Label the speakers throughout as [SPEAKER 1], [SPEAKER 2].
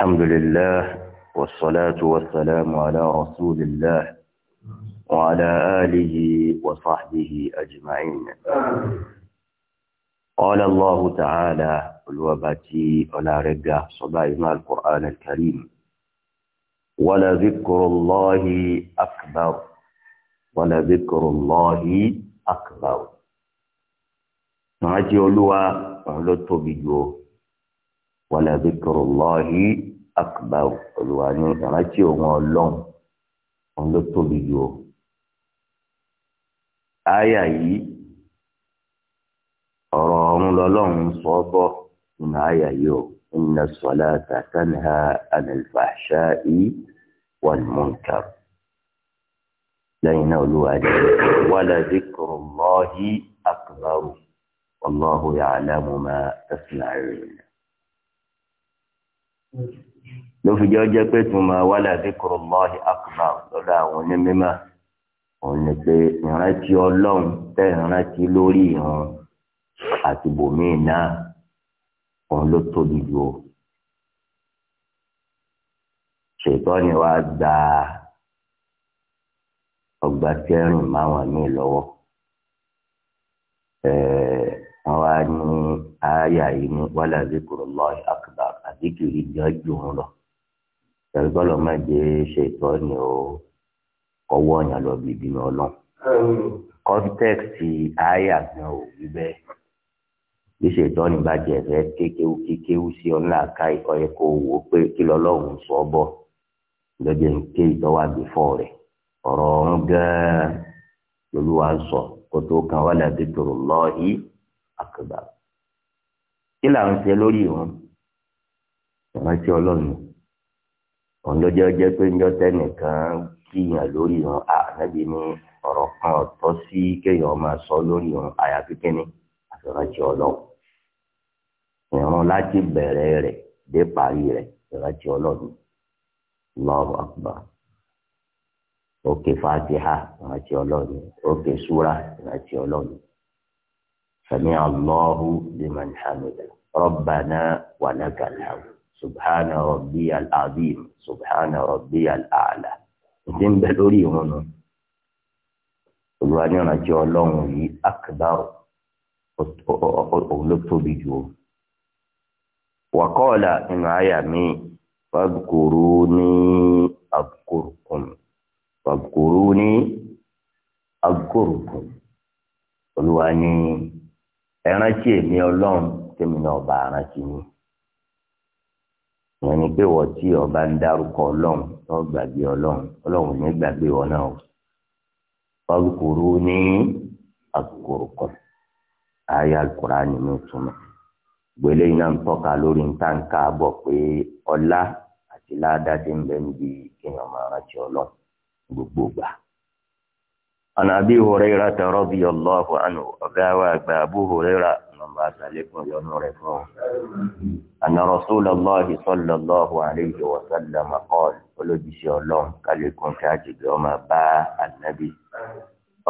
[SPEAKER 1] الحمد لله والصلاة والسلام على رسول الله وعلى آله وصحبه أجمعين قال الله تعالى الوباتي ولا رجع صبائنا القرآن الكريم ولا ذكر الله أكبر ولا ذكر الله أكبر ما تقولوا أهل التوبيجو ولا ذكر الله akbar olùwà ní ìrántí òun ọlọ́run òun ló tóbi jù o. àyà yìí ọ̀rọ̀ ọ̀run lọ́lọ́run sọ bọ́ nínú àyà yìí o inna salata tanha anil fahsha'i wal munkar lẹ́yìn náà olúwa ní wàlá zikru Allahi akbaru wallahu ya'lamu ma tasna'un ló fi jẹ́ ọjọ́ pé tuma wala zikrullahi akbar lọ́dọ̀ àwọn onímọ̀ òun ni pé ìrántí ọlọ́run tẹ́ ìrántí lórí ìran àti bòmíì náà òun ló tóbi jù o. ṣètọ́ ni wàá gba ọgbà tẹ́rìn máwọn míì lọ́wọ́ wọn wá ní àyà yìí ní wala zikrullahi akbar àdìkìrì gan jù wọn lọ tẹ̀lifọ́lọ́ máa jẹ́ ṣètò ni ó kọ́wọ́ ọ̀yàn lọ bìbí ní ọlọ́run kọ́ńtẹ́kìtì àyà gan ò wí bẹ́ẹ̀ bí ṣètò ni bá jẹ fẹ́ kékeré kékeré sí ọ náà ká ikọ̀ yẹ kó wò ó pé kí lọ́lọ́run sọ ọ bọ̀ lọ́jọ́ ké ìtọ́wà bífọ́ rẹ̀ ọ̀rọ̀ ọ̀run gan-an lolúwa sọ kó tó kan wala dhikrullahi akbar kí là ṣe lórí wọn ìrántí ọlọ́run ọ̀nlọ́jọ́ jẹ́ pé ńjọ́ tẹ́nìkan kíyàn lórí wọn ànábì ní ọ̀rọ̀ kan ọ̀tọ̀ sí kéèyàn máa sọ lórí wọn àyàfi kínní àti ìrántí ọlọ́run ìrun láti bẹ̀rẹ̀ rẹ̀ dé parí rẹ̀ ìrántí ọlọ́run Allahu Akbar òkè fatiha ìrántí ọlọ́run òkè súra ìrántí ọlọ́run sami Allahu liman hamida rabbana wa lakal hamd subhana rabbiyal azim subhana rabbiyal a'la ìdí ń bẹ lórí ìwọn nù olùwà ní ọ̀nà tí ọlọ́run yìí akbar òun ló tóbi jù ó wàkọ́ọ̀là nínú àyà mi fadkuruni adkurkum fadkuruni adkurkum olùwà ní ẹ rántí èmi ọlọ́run tèmi náà bá rántí yín. wọn ni pé wọ́n tí ọba ń dárúkọ ọlọ́run tó gbàgbé ọlọ́run ọlọ́run ní gbàgbé wọn náà ọlùkùrú ní àkùrùkọ ayé iná ń lórí ń pé ọlá àti ti ń bẹ níbi kéèyàn máa rántí gbogbo gbà. ọlọ́mọba àtàlẹ́kùn yọnu rẹ̀ fún ọ. àná Rasulullahi sallallahu alayhi wa sallam qala olójúṣe ọlọ́run kálíkùn kí àjèjì ọmọ bá ànábì.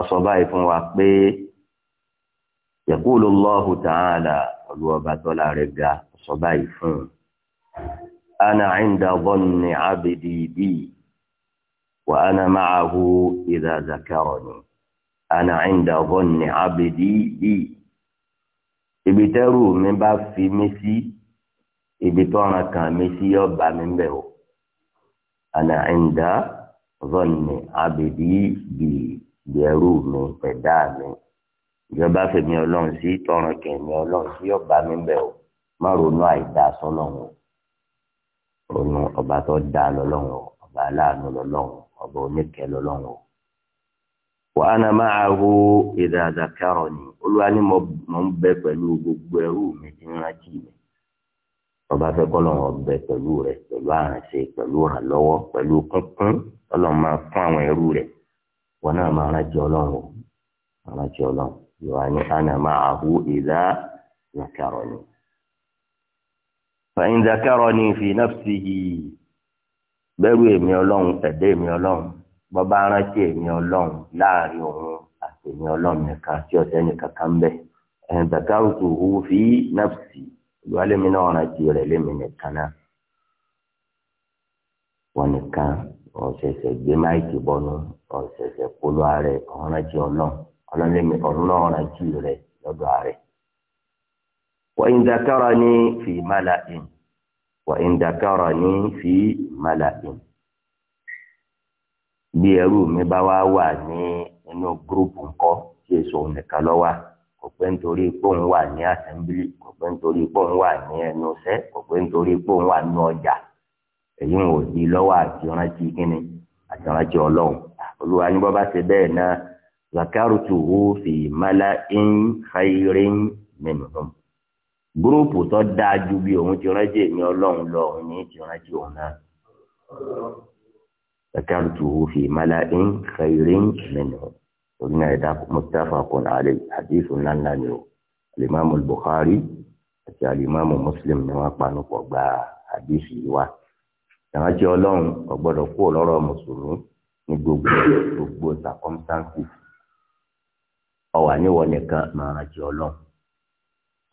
[SPEAKER 1] ọsọ báyìí fún wa pé yaqulu Allahu ta'ala olùwọ́ba tọ́lá rẹ̀ ga ọsọ báyìí fún un. ana inda dhanni abdi bi wa ana ma'ahu idha zakarani. ana inda dhanni abdi bi ibi tẹ́rù mi bá fi mí sí ibi tọ́ran kan mi sí yọ bá mi ń bẹ̀ o àná ẹ̀ǹdà zọ́ọ̀nì àbèbí bì bẹ̀rù mi pẹ̀dá mi ìjọba fèmí ọlọ́run sí tọ́ran kẹ̀mí ọlọ́run sí yọ mi bẹ̀ o má ronú àìdá sọ́lọ́run ronú ọba tó dá lọ́lọ́run ọba aláàánú lọ́lọ́run ọba oníkẹ́ lọ́lọ́run o wa ana ma'ahu idha dhakarani olúwa ni mo ń bẹ pẹ̀lú gbogbo ẹrú mi tí ń rántí mi ọba fẹ́ kọ́lọ́ wọn bẹ pẹ̀lú rẹ pẹ̀lú àránṣe pẹ̀lú ìrànlọ́wọ́ pẹ̀lú kúnkún ọlọ́run máa fún àwọn ẹrú rẹ wọn náà máa rántí ọlọ́run máa rántí ọlọ́run yóò ní ana ma'ahu idha dhakarani fa in dhakarani fi nafsihi bẹ́rù èmi ọlọ́run ẹ̀dẹ́ èmi ọlọ́run bọ́bá rántí èmi ọlọ́run láàrin òun àti èmi ọlọ́run nìkan tí ọ̀sẹ̀ nìkan kan bẹ̀ ẹ̀ǹ zakartu hu fi nafsi ìwálẹ́mi náà rántí rẹ̀ lẹ́mi nìkan náà wọn nìkan ọ̀sẹ̀sẹ̀ gbé máìkì bọ́nu ọ̀sẹ̀sẹ̀ polú ààrẹ ọ̀rántí ọlọ́run ọlọ́lẹ́mi ọ̀run náà rántí rẹ̀ lọ́dọ̀ ààrẹ. wọ́n ń zakarani fi mala in wọ́n ń zakarani fi mala in bí ẹrú mi bá wá wà ní inú gúrúùpù ńkọ́ tí èso nìkan lọ wà kò pé nítorí pé òun wà ní assembly kò pé nítorí pé òun wà ní ẹnu iṣẹ́ kò pé nítorí pé òun wà ní ọjà èyí ń wò di lọ́wọ́ àti rántí kínní àti rántí ọlọ́run olúwa ní bọ́ ṣe bẹ́ẹ̀ náà zakarutuhu fi mala in khairin minhum gúrúùpù tó dáa ju bí òun ti rántí èmi ọlọ́run lọ òun ní ti rántí òun náà. ذكرته في ملأ خير منه قلنا إذا متفق عليه حديث لنا الإمام البخاري الإمام مسلم نواقع نقوى حديث يوا ìrántí ọlọ́run ọ̀gbọ́dọ̀ kó lọ́rọ̀ mùsùlùmí ní gbogbo gbogbo circumstances ọ̀wà níwọ̀ nìkan máa rántí ọlọ́run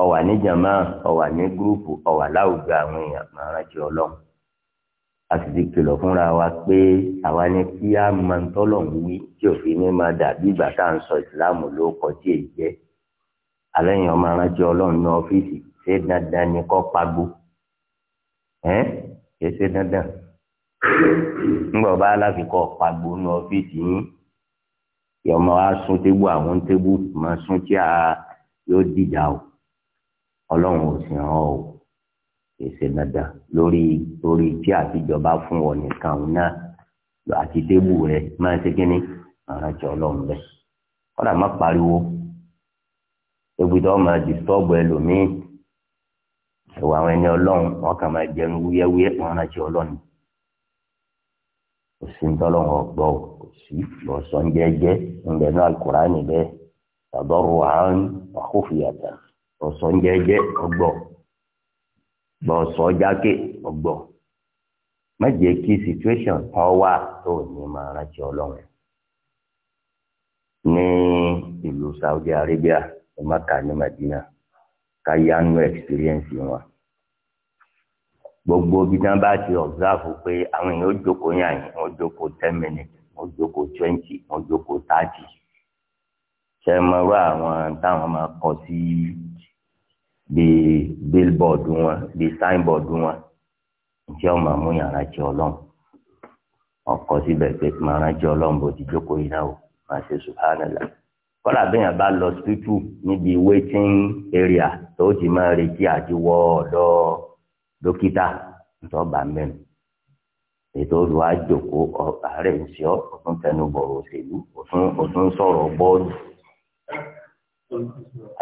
[SPEAKER 1] ọ̀wà níjàmá ọ̀wà ní gúrúùpù ọ̀wà láwùjọ àwọn èèyàn máa rántí ọlọ́run a sì ti kìlọ̀ fúnra wa pé àwa ni kí á mọ tọ́lọ̀ ń wí tí òfin ní máa dàbí ìgbà tá à ń sọ ìsìláàmù ló kọ tí èyí jẹ́ àlẹ́yìn ọmọ aráńtí ọlọ́run ní ọ́fíìsì ṣé dandan ni kọ́ pagbo ẹ́ kìí ṣe dandan ńgbọ̀ bá aláfikọ́ pagbo ní ọ́fíìsì yín yọmọ wa sún tébù àwọn tébù máa sún tí a yóò dìjà o ọlọ́run ò sì hàn o èsè dandan lórí lórí tí àtijọba fún ọ nìkan òun náà àti tébù rẹ máa ń ṣe kínní àwọn àti ọlọ́run bẹ kọ́dà má pariwo ebi tó máa disturb ẹlòmíì ẹwà àwọn ẹni ọlọ́run wọn kàn máa jẹun wúyẹ́wúyẹ́ wọn àti kò sí ntọ́lọ́run ọgbọ́ kò sí lọ́sọ̀ ń jẹ́jẹ́ ńbẹ náà Al-Qur'ani bẹ́ẹ̀ tàbọ̀rù àrùn àkófìyàtà lọ́sọ̀ ń jẹ́jẹ́ ọgbọ́. bọ́ sọ jákè ọgbọ má jẹ́ kí situation kan wà tó ní máa rántí ọlọ́run ní ìlú Saudi Arabia Maka ní Madina ká yánú experience wọn gbogbo bí bá ti observe pé àwọn èèyàn ó jókòó yàn yín wọ́n jókòó ten minutes wọ́n jókòó twenty wọ́n jókòó thirty ṣe kọ bíi billboard wọn bíi signboard wọn ǹjẹ́ ọmọ àmúyàn rántí ọlọ́run ọkọ síbẹ̀ pé máa rántí ọlọ́run bó ti jókòó yìí náà o máa ṣe subhanallah kọ́lá bẹ́yàn bá lọ sípítù níbi waiting area tó ti máa retí àti wọ ọ̀dọ̀ dókítà tó bá mẹ́rin ètò olùwàjòkó ààrẹ ń ṣe ọ́ ọ̀tún tẹnubọ̀rọ̀ òṣèlú òtún sọ̀rọ̀ bọ́ọ̀lù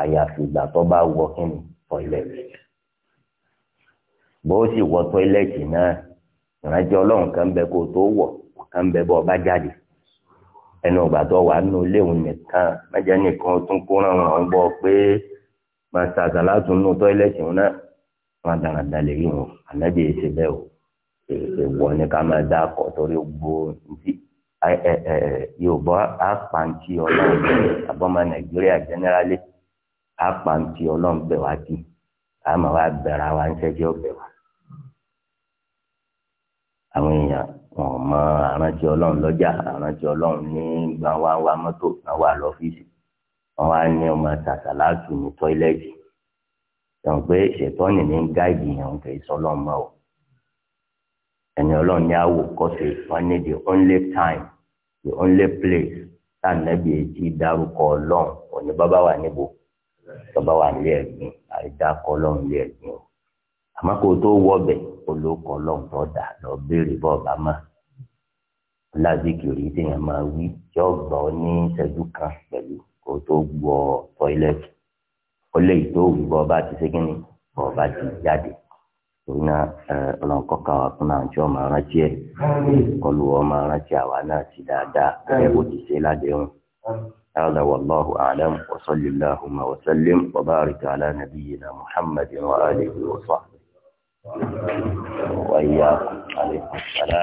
[SPEAKER 1] àyàfi ìgbà tó bá wọ kíni tọ́ílẹ̀tì bó sì wọ tọ́ílẹ̀tì náà ìrántí ọlọ́run kan bẹ kó tó wọ̀ kan bẹ bọ́ ọba jáde ẹnu ọgbà tó wà nínú léwu nìkan mẹjẹ nìkan tún kó ràn wọn gbọ́ pé máa ṣàṣà látún nínú tọ́ílẹ̀tì wọn náà wọn lè rí wọn ànábì èsì bẹ́ẹ̀ o èèwọ̀ ni ká máa dá torí apàǹtí ọlọ́ǹbẹ̀ wá dì àmọ́ wá bẹ̀rẹ̀ wa ń ṣẹ́jẹ́ ọ̀bẹ̀ wa. àwọn èèyàn wọn mọ àrántí ọlọ́run lọ́jà àrántí ọlọ́run ní gbà wá wa mọ́tò náà wà lọ́fíìsì wọn wá ní ọmọ tàṣà láti ní tọ́ílẹ̀tì tẹ̀wọ̀n pé ṣètọ́nì ní gáàdì yẹn kì í sọ ọlọ́run mọ́ o ẹni ọlọ́run ní àwò kọ́sì wọn ní the only time the only place tá a nẹ́bi etí dárúkọ ọlọ́run òní bàbá wà níbo. tọba wa n'ile ẹ̀gbin àìdá kọlọ́hún lé ẹ̀gbin o àmọ́ kó o tó wọbẹ̀ olóko ọlọ́hún tó dà lọ béèrè bọ́ọ̀bá mọ́ lázìkìrì téèyàn máa wí yọ gbà ní ìṣẹ́jú kan o tó gbọ́ tọ́ílẹ̀tì ó lè tó ọba ti ṣégin bọ́ ọba ti jáde torí náà fún tí máa rántí kọlu wọn máa rántí àwa náà ti dáadáa هذا والله أعلم وصل اللهم وسلم وبارك على نبينا محمد وآله وصحبه وإياكم عليكم السلام